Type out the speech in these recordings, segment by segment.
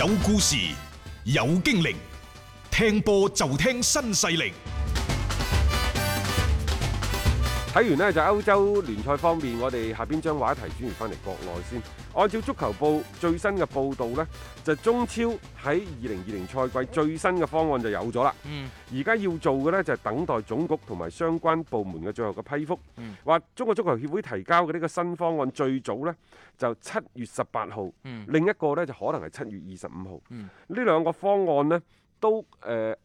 有故事，有經歷，聽播就聽新勢力。睇完呢，就歐洲聯賽方面，我哋下邊將話題轉移翻嚟國內先。按照足球報最新嘅報道呢，就中超喺二零二零賽季最新嘅方案就有咗啦。嗯，而家要做嘅呢，就係、是、等待總局同埋相關部門嘅最後嘅批覆。嗯，話中國足球協會提交嘅呢個新方案最早呢就七月十八號。嗯，另一個呢就可能係七月二十五號。呢、嗯、兩個方案呢都誒。呃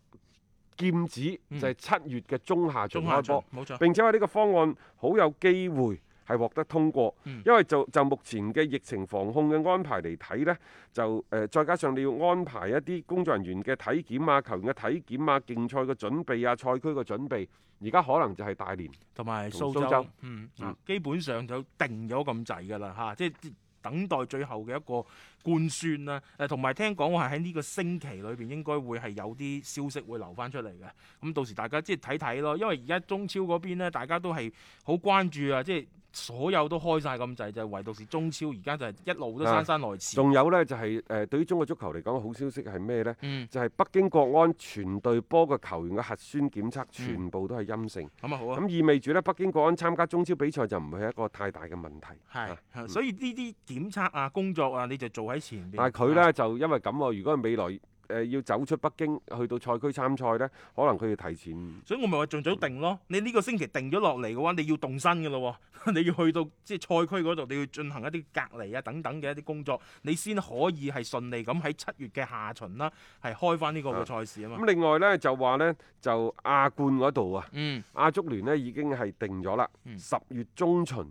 劍指就係七月嘅中下旬開波，冇錯。並且話呢個方案好有機會係獲得通過，嗯、因為就就目前嘅疫情防控嘅安排嚟睇呢就誒、呃、再加上你要安排一啲工作人員嘅體檢啊、球員嘅體檢啊、競賽嘅準備啊、賽區嘅準備，而家可能就係大連同埋蘇州，蘇州嗯，嗯基本上就定咗咁滯噶啦嚇，即係。等待最後嘅一個官宣啦，誒同埋聽講話喺呢個星期裏邊應該會係有啲消息會留翻出嚟嘅，咁到時大家即係睇睇咯，因為而家中超嗰邊咧大家都係好關注啊，即係。所有都開晒咁滯，就係唯獨是中超而家就係一路都姍姍來遲。仲、啊、有呢，就係、是、誒、呃，對於中國足球嚟講，好消息係咩呢？嗯、就係北京國安全隊波嘅球員嘅核酸檢測全部都係陰性，咁、嗯嗯啊嗯、意味住呢，北京國安參加中超比賽就唔係一個太大嘅問題。係是、啊，所以呢啲檢測啊、工作啊，你就做喺前邊。但係佢呢，是就因為咁喎，如果未來誒要走出北京去到賽區參賽呢，可能佢要提前，所以我咪話盡早定咯。嗯、你呢個星期定咗落嚟嘅話，你要動身嘅咯，你要去到即係賽區嗰度，你要進行一啲隔離啊等等嘅一啲工作，你先可以係順利咁喺七月嘅下旬啦，係開翻呢個賽事啊嘛。咁、嗯、另外呢，就話呢，就亞冠嗰度啊，嗯、亞足聯呢已經係定咗啦，十、嗯、月中旬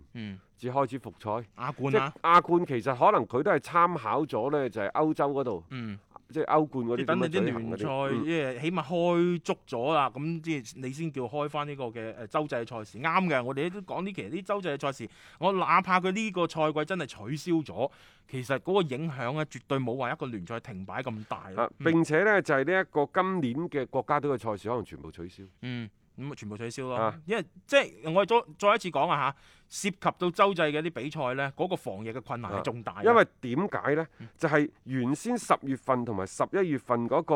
至、嗯、開始復賽亞冠啊。亞冠其實可能佢都係參考咗呢，就係歐洲嗰度。嗯即係歐冠嗰啲，等你啲聯賽，即係、嗯、起碼開足咗啦。咁即係你先叫開翻呢個嘅誒洲際賽事啱嘅。我哋都講啲其實啲洲際嘅賽事，我哪怕佢呢個賽季真係取消咗，其實嗰個影響咧、啊，絕對冇話一個聯賽停擺咁大啦、嗯啊。並且咧，就係呢一個今年嘅國家隊嘅賽事，可能全部取消。嗯。咁啊，全部取消咯，啊、因為即係我哋再再一次講啊嚇，涉及到洲際嘅啲比賽咧，嗰、那個防疫嘅困難係重大、啊。因為點解咧？就係、是、原先十月份同埋十一月份嗰、那個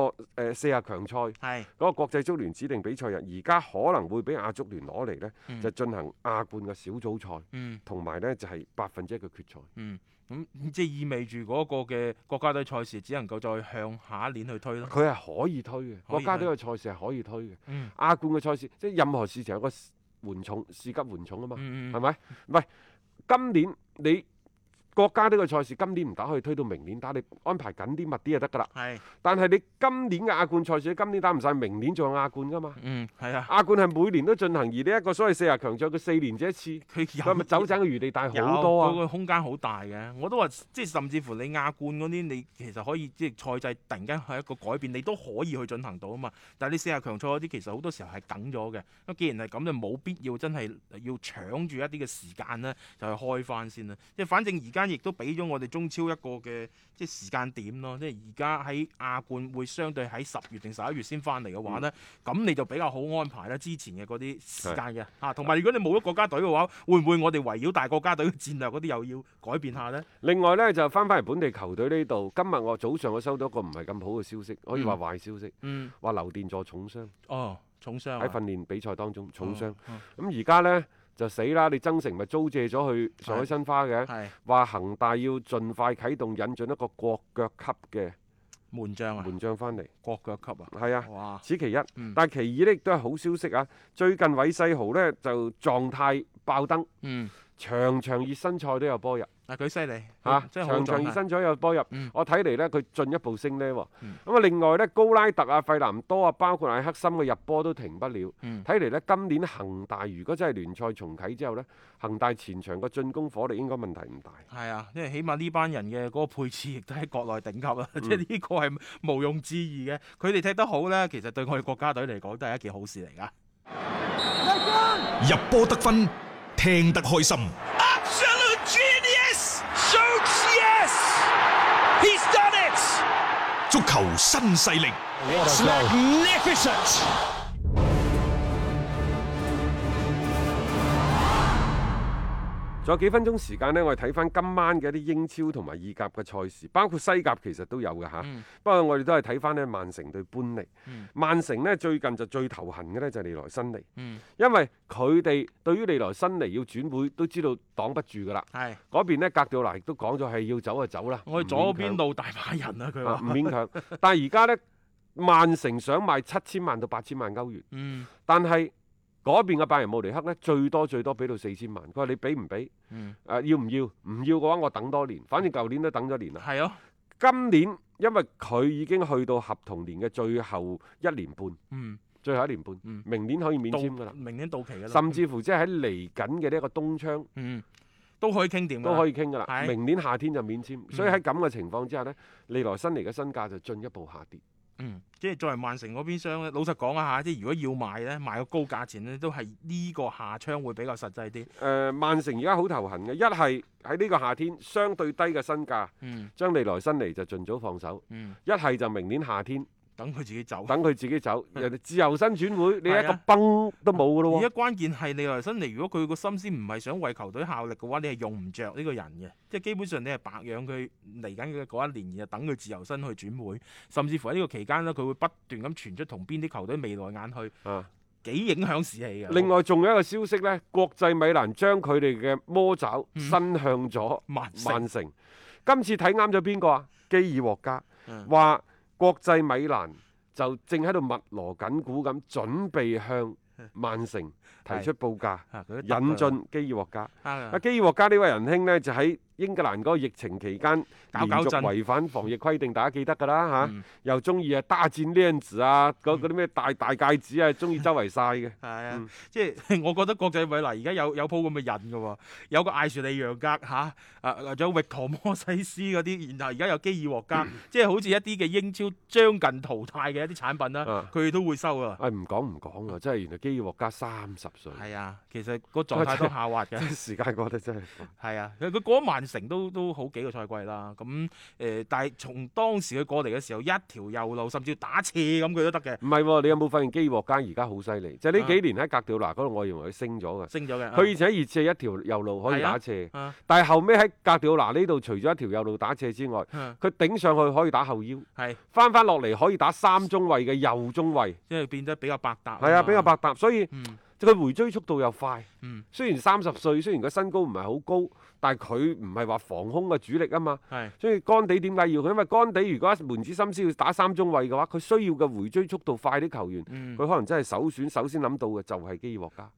誒四、呃、十強賽，係嗰是個國際足聯指定比賽日，而家可能會俾亞足聯攞嚟咧，嗯、就進行亞冠嘅小組賽，同埋咧就係百分之一嘅決賽。嗯。咁、嗯、即係意味住嗰個嘅國家隊賽事只能夠再向下一年去推啦。佢係可以推嘅，國家隊嘅賽事係可以推嘅。推亞冠嘅賽事，嗯、即係任何事情有個緩重，市急緩重啊嘛，係咪、嗯？唔係今年你。國家呢個賽事今年唔打可以推到明年打，你安排緊啲密啲就得噶啦。係是，但係你今年亞冠賽事，今年打唔晒，明年仲有亞冠噶嘛？嗯，係啊。亞冠係每年都進行，而呢一個所謂四十強賽，佢四年只一次，佢咪有走盞嘅餘地大好多啊！有、嗰個空間好大嘅，我都話即係甚至乎你亞冠嗰啲，你其實可以即係賽制突然間係一個改變，你都可以去進行到啊嘛。但係你四十強賽嗰啲其實好多時候係等咗嘅。咁既然係咁，就冇必要真係要搶住一啲嘅時間啦，就去開翻先啦。即係反正而家。間亦都俾咗我哋中超一個嘅即係時間點咯，即係而家喺亞冠會相對喺十月定十一月先翻嚟嘅話咧，咁你就比較好安排咧之前嘅嗰啲時間嘅嚇是的、啊。同埋如果你冇咗國家隊嘅話，會唔會我哋圍繞大國家隊嘅戰略嗰啲又要改變下咧？另外咧就翻返嚟本地球隊呢度，今日我早上我收到一個唔係咁好嘅消息，可以話壞消息，話劉、嗯嗯、殿座重傷。哦，重傷喺、啊、訓練比賽當中重傷。咁而家咧。嗯嗯就死啦！你曾誠咪租借咗去上海申花嘅？話恒大要盡快啟動引進一個國腳級嘅門將、啊，門將翻嚟國腳級啊！係啊！哇此其一，嗯、但係其二呢，亦都係好消息啊！最近韋世豪呢，就狀態爆燈。嗯場場熱身賽都有波入，佢犀利嚇，場、啊、場熱身賽有波入。嗯、我睇嚟呢，佢進一步升呢。咁、嗯、啊，另外呢，高拉特啊、費南多啊，包括艾克森嘅入波都停不了。睇嚟、嗯、呢，今年恒大如果真係聯賽重啟之後呢，恒大前場嘅進攻火力應該問題唔大。係啊，因為起碼呢班人嘅嗰個配置亦都喺國內頂級啊。即係呢個係毋庸置疑嘅。佢哋踢得好呢，其實對我哋國家隊嚟講都係一件好事嚟㗎。 入波得分。聽得開心，足球新勢力。仲有幾分鐘時間呢？我哋睇翻今晚嘅啲英超同埋意甲嘅賽事，包括西甲其實都有嘅嚇。不過、嗯、我哋都係睇翻呢，曼城對般尼。曼城呢，最近就最頭痕嘅呢，就係利萊新尼，因為佢哋對於利萊新尼要轉會都知道擋不住噶啦。係嗰、嗯、邊呢，哥迪奧拿亦都講咗係要走就走啦。我左邊度大把人啊，佢話。唔、啊、勉強， 但係而家呢，曼城想賣七千萬到八、嗯、千萬歐元，但係。但嗰邊嘅拜仁慕尼克呢，最多最多俾到四千萬。佢話你俾唔俾？嗯。誒，要唔要？唔要嘅話，我等多年。反正舊年都等咗年啦。係咯。今年因為佢已經去到合同年嘅最後一年半。最後一年半。明年可以免簽㗎啦。明年到期㗎啦。甚至乎即係喺嚟緊嘅呢一個冬窗。都可以傾掂。都可以傾㗎啦。明年夏天就免簽。所以喺咁嘅情況之下呢，未來新嚟嘅身價就進一步下跌。嗯，即係作為曼城嗰邊商咧，老實講一下，即係如果要賣咧，賣個高價錢咧，都係呢個下窗會比較實際啲。誒、呃，曼城而家好頭痕嘅，一係喺呢個夏天相對低嘅身價，嗯，將未來新嚟就盡早放手，嗯、一係就明年夏天。等佢自己走，等佢自己走，人哋自由身轉會，你一個崩都冇噶咯喎。而家關鍵係你來新嚟，如果佢個心思唔係想為球隊效力嘅話，你係用唔著呢個人嘅，即係基本上你係白養佢嚟緊嘅嗰一年，然後等佢自由身去轉會，甚至乎喺呢個期間咧，佢會不斷咁傳出同邊啲球隊未來眼去，幾影響士氣嘅。另外仲有一個消息咧，國際米蘭將佢哋嘅魔爪伸向咗曼城，今次睇啱咗邊個啊？基爾獲加話。國際米蘭就正喺度密鑼緊鼓咁準備向曼城提出報價，的引進基爾獲加。的基爾獲加呢位仁兄呢，就喺。英格蘭嗰個疫情期間連續違反防疫規定，搞搞震，大家記得㗎啦嚇、嗯啊，又中意啊搭戰鏈子啊，嗰啲咩大大戒指啊，中意周圍晒嘅。係 啊，嗯、即係我覺得國際米拿而家有有鋪咁嘅人㗎喎，有，有，的的有個艾樹利楊格嚇，啊仲有域陀摩西斯嗰啲，然後而家有基爾獲加，嗯、即係好似一啲嘅英超將近淘汰嘅一啲產品啦，佢、嗯啊、都會收啊。唔講唔講啊，即係原來基爾獲加三十歲。係啊，其實個狀態都下滑嘅、啊。時間過得真係。係 啊，佢晚。成都都好幾個賽季啦，咁、嗯、誒、呃，但係從當時佢過嚟嘅時候，一條右路甚至要打斜咁佢都得嘅。唔係喎，你有冇發現基獲間而家好犀利？就呢、是、幾年喺格調拿嗰度，啊、我認為佢升咗嘅。升咗嘅。佢、啊、以前喺熱刺一條右路可以打斜，啊啊、但係後尾喺格調拿呢度，除咗一條右路打斜之外，佢、啊、頂上去可以打後腰，係翻翻落嚟可以打三中位嘅右中位，即係變得比較百搭。係啊，比較百搭，所以。嗯佢回追速度又快，雖然三十歲，雖然個身高唔係好高，但係佢唔係話防空嘅主力啊嘛。是所以干地點解要佢？因為干地如果一門子心思要打三中衛嘅話，佢需要嘅回追速度快啲球員，佢、嗯、可能真係首選首先諗到嘅就係基爾獲加。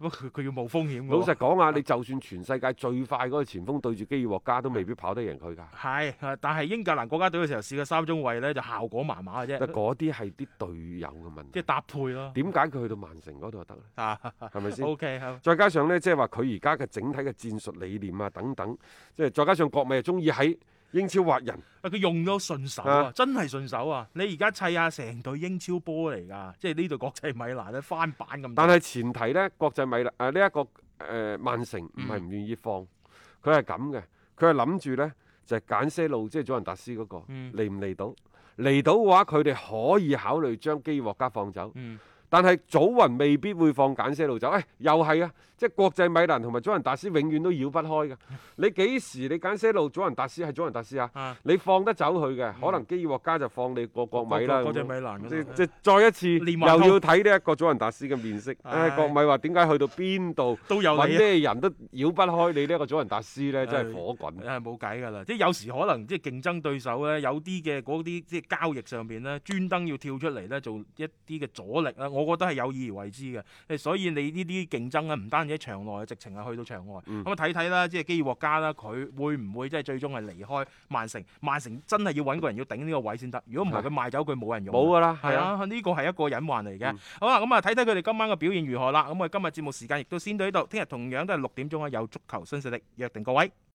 佢、啊、要冒風險。啊、老實講啊，你就算全世界最快嗰個前鋒對住基爾獲加都未必跑得贏佢㗎。係，但係英格蘭國家隊嘅時候試過三中衛呢，就效果麻麻嘅啫。嗰啲係啲隊友嘅問題，即係搭配咯。點解佢去到曼城嗰度就得咧？啊，係咪先？O K，再加上呢，即係話佢而家嘅整體嘅戰術理念啊，等等，即係再加上國米啊，中意喺英超挖人，佢用咗順手啊，啊真係順手啊！你而家砌下成隊英超波嚟噶，即係呢度國際米蘭咧翻版咁。但係前提呢，國際米蘭誒呢一個誒、呃、曼城唔係唔願意放，佢係咁嘅，佢係諗住呢，就係簡些路，即、就、係、是、祖雲達斯嗰、那個嚟唔嚟到，嚟到嘅話佢哋可以考慮將基獲家放走。嗯但係祖雲未必會放簡些路走，誒又係啊！即係國際米蘭同埋祖雲達斯永遠都繞不開嘅。你幾時你簡些路祖雲達斯係祖雲達斯啊？你放得走佢嘅，可能基爾霍加就放你個國米啦。國際米蘭咁啊！即即再一次又要睇呢一個祖雲達斯嘅面色。誒國米話點解去到邊度揾咩人都繞不開你呢一個祖雲達斯咧？真係火滾！誒冇計㗎啦，即係有時可能即係競爭對手咧，有啲嘅嗰啲即係交易上邊咧，專登要跳出嚟咧做一啲嘅阻力啦。我我覺得係有意而為之嘅，所以你呢啲競爭咧，唔單止喺場內，直情係去到場外。咁啊、嗯，睇睇啦，即係基爾獲加啦，佢會唔會即係最終係離開曼城？曼城真係要揾個人要頂呢個位先得。如果唔係，佢賣走佢冇人用。冇噶啦，係啊，呢個係一個隱患嚟嘅。嗯、好啦，咁啊，睇睇佢哋今晚嘅表現如何啦。咁我哋今日節目時間亦都先到呢度。聽日同樣都係六點鐘啊，有足球新勢力，約定各位。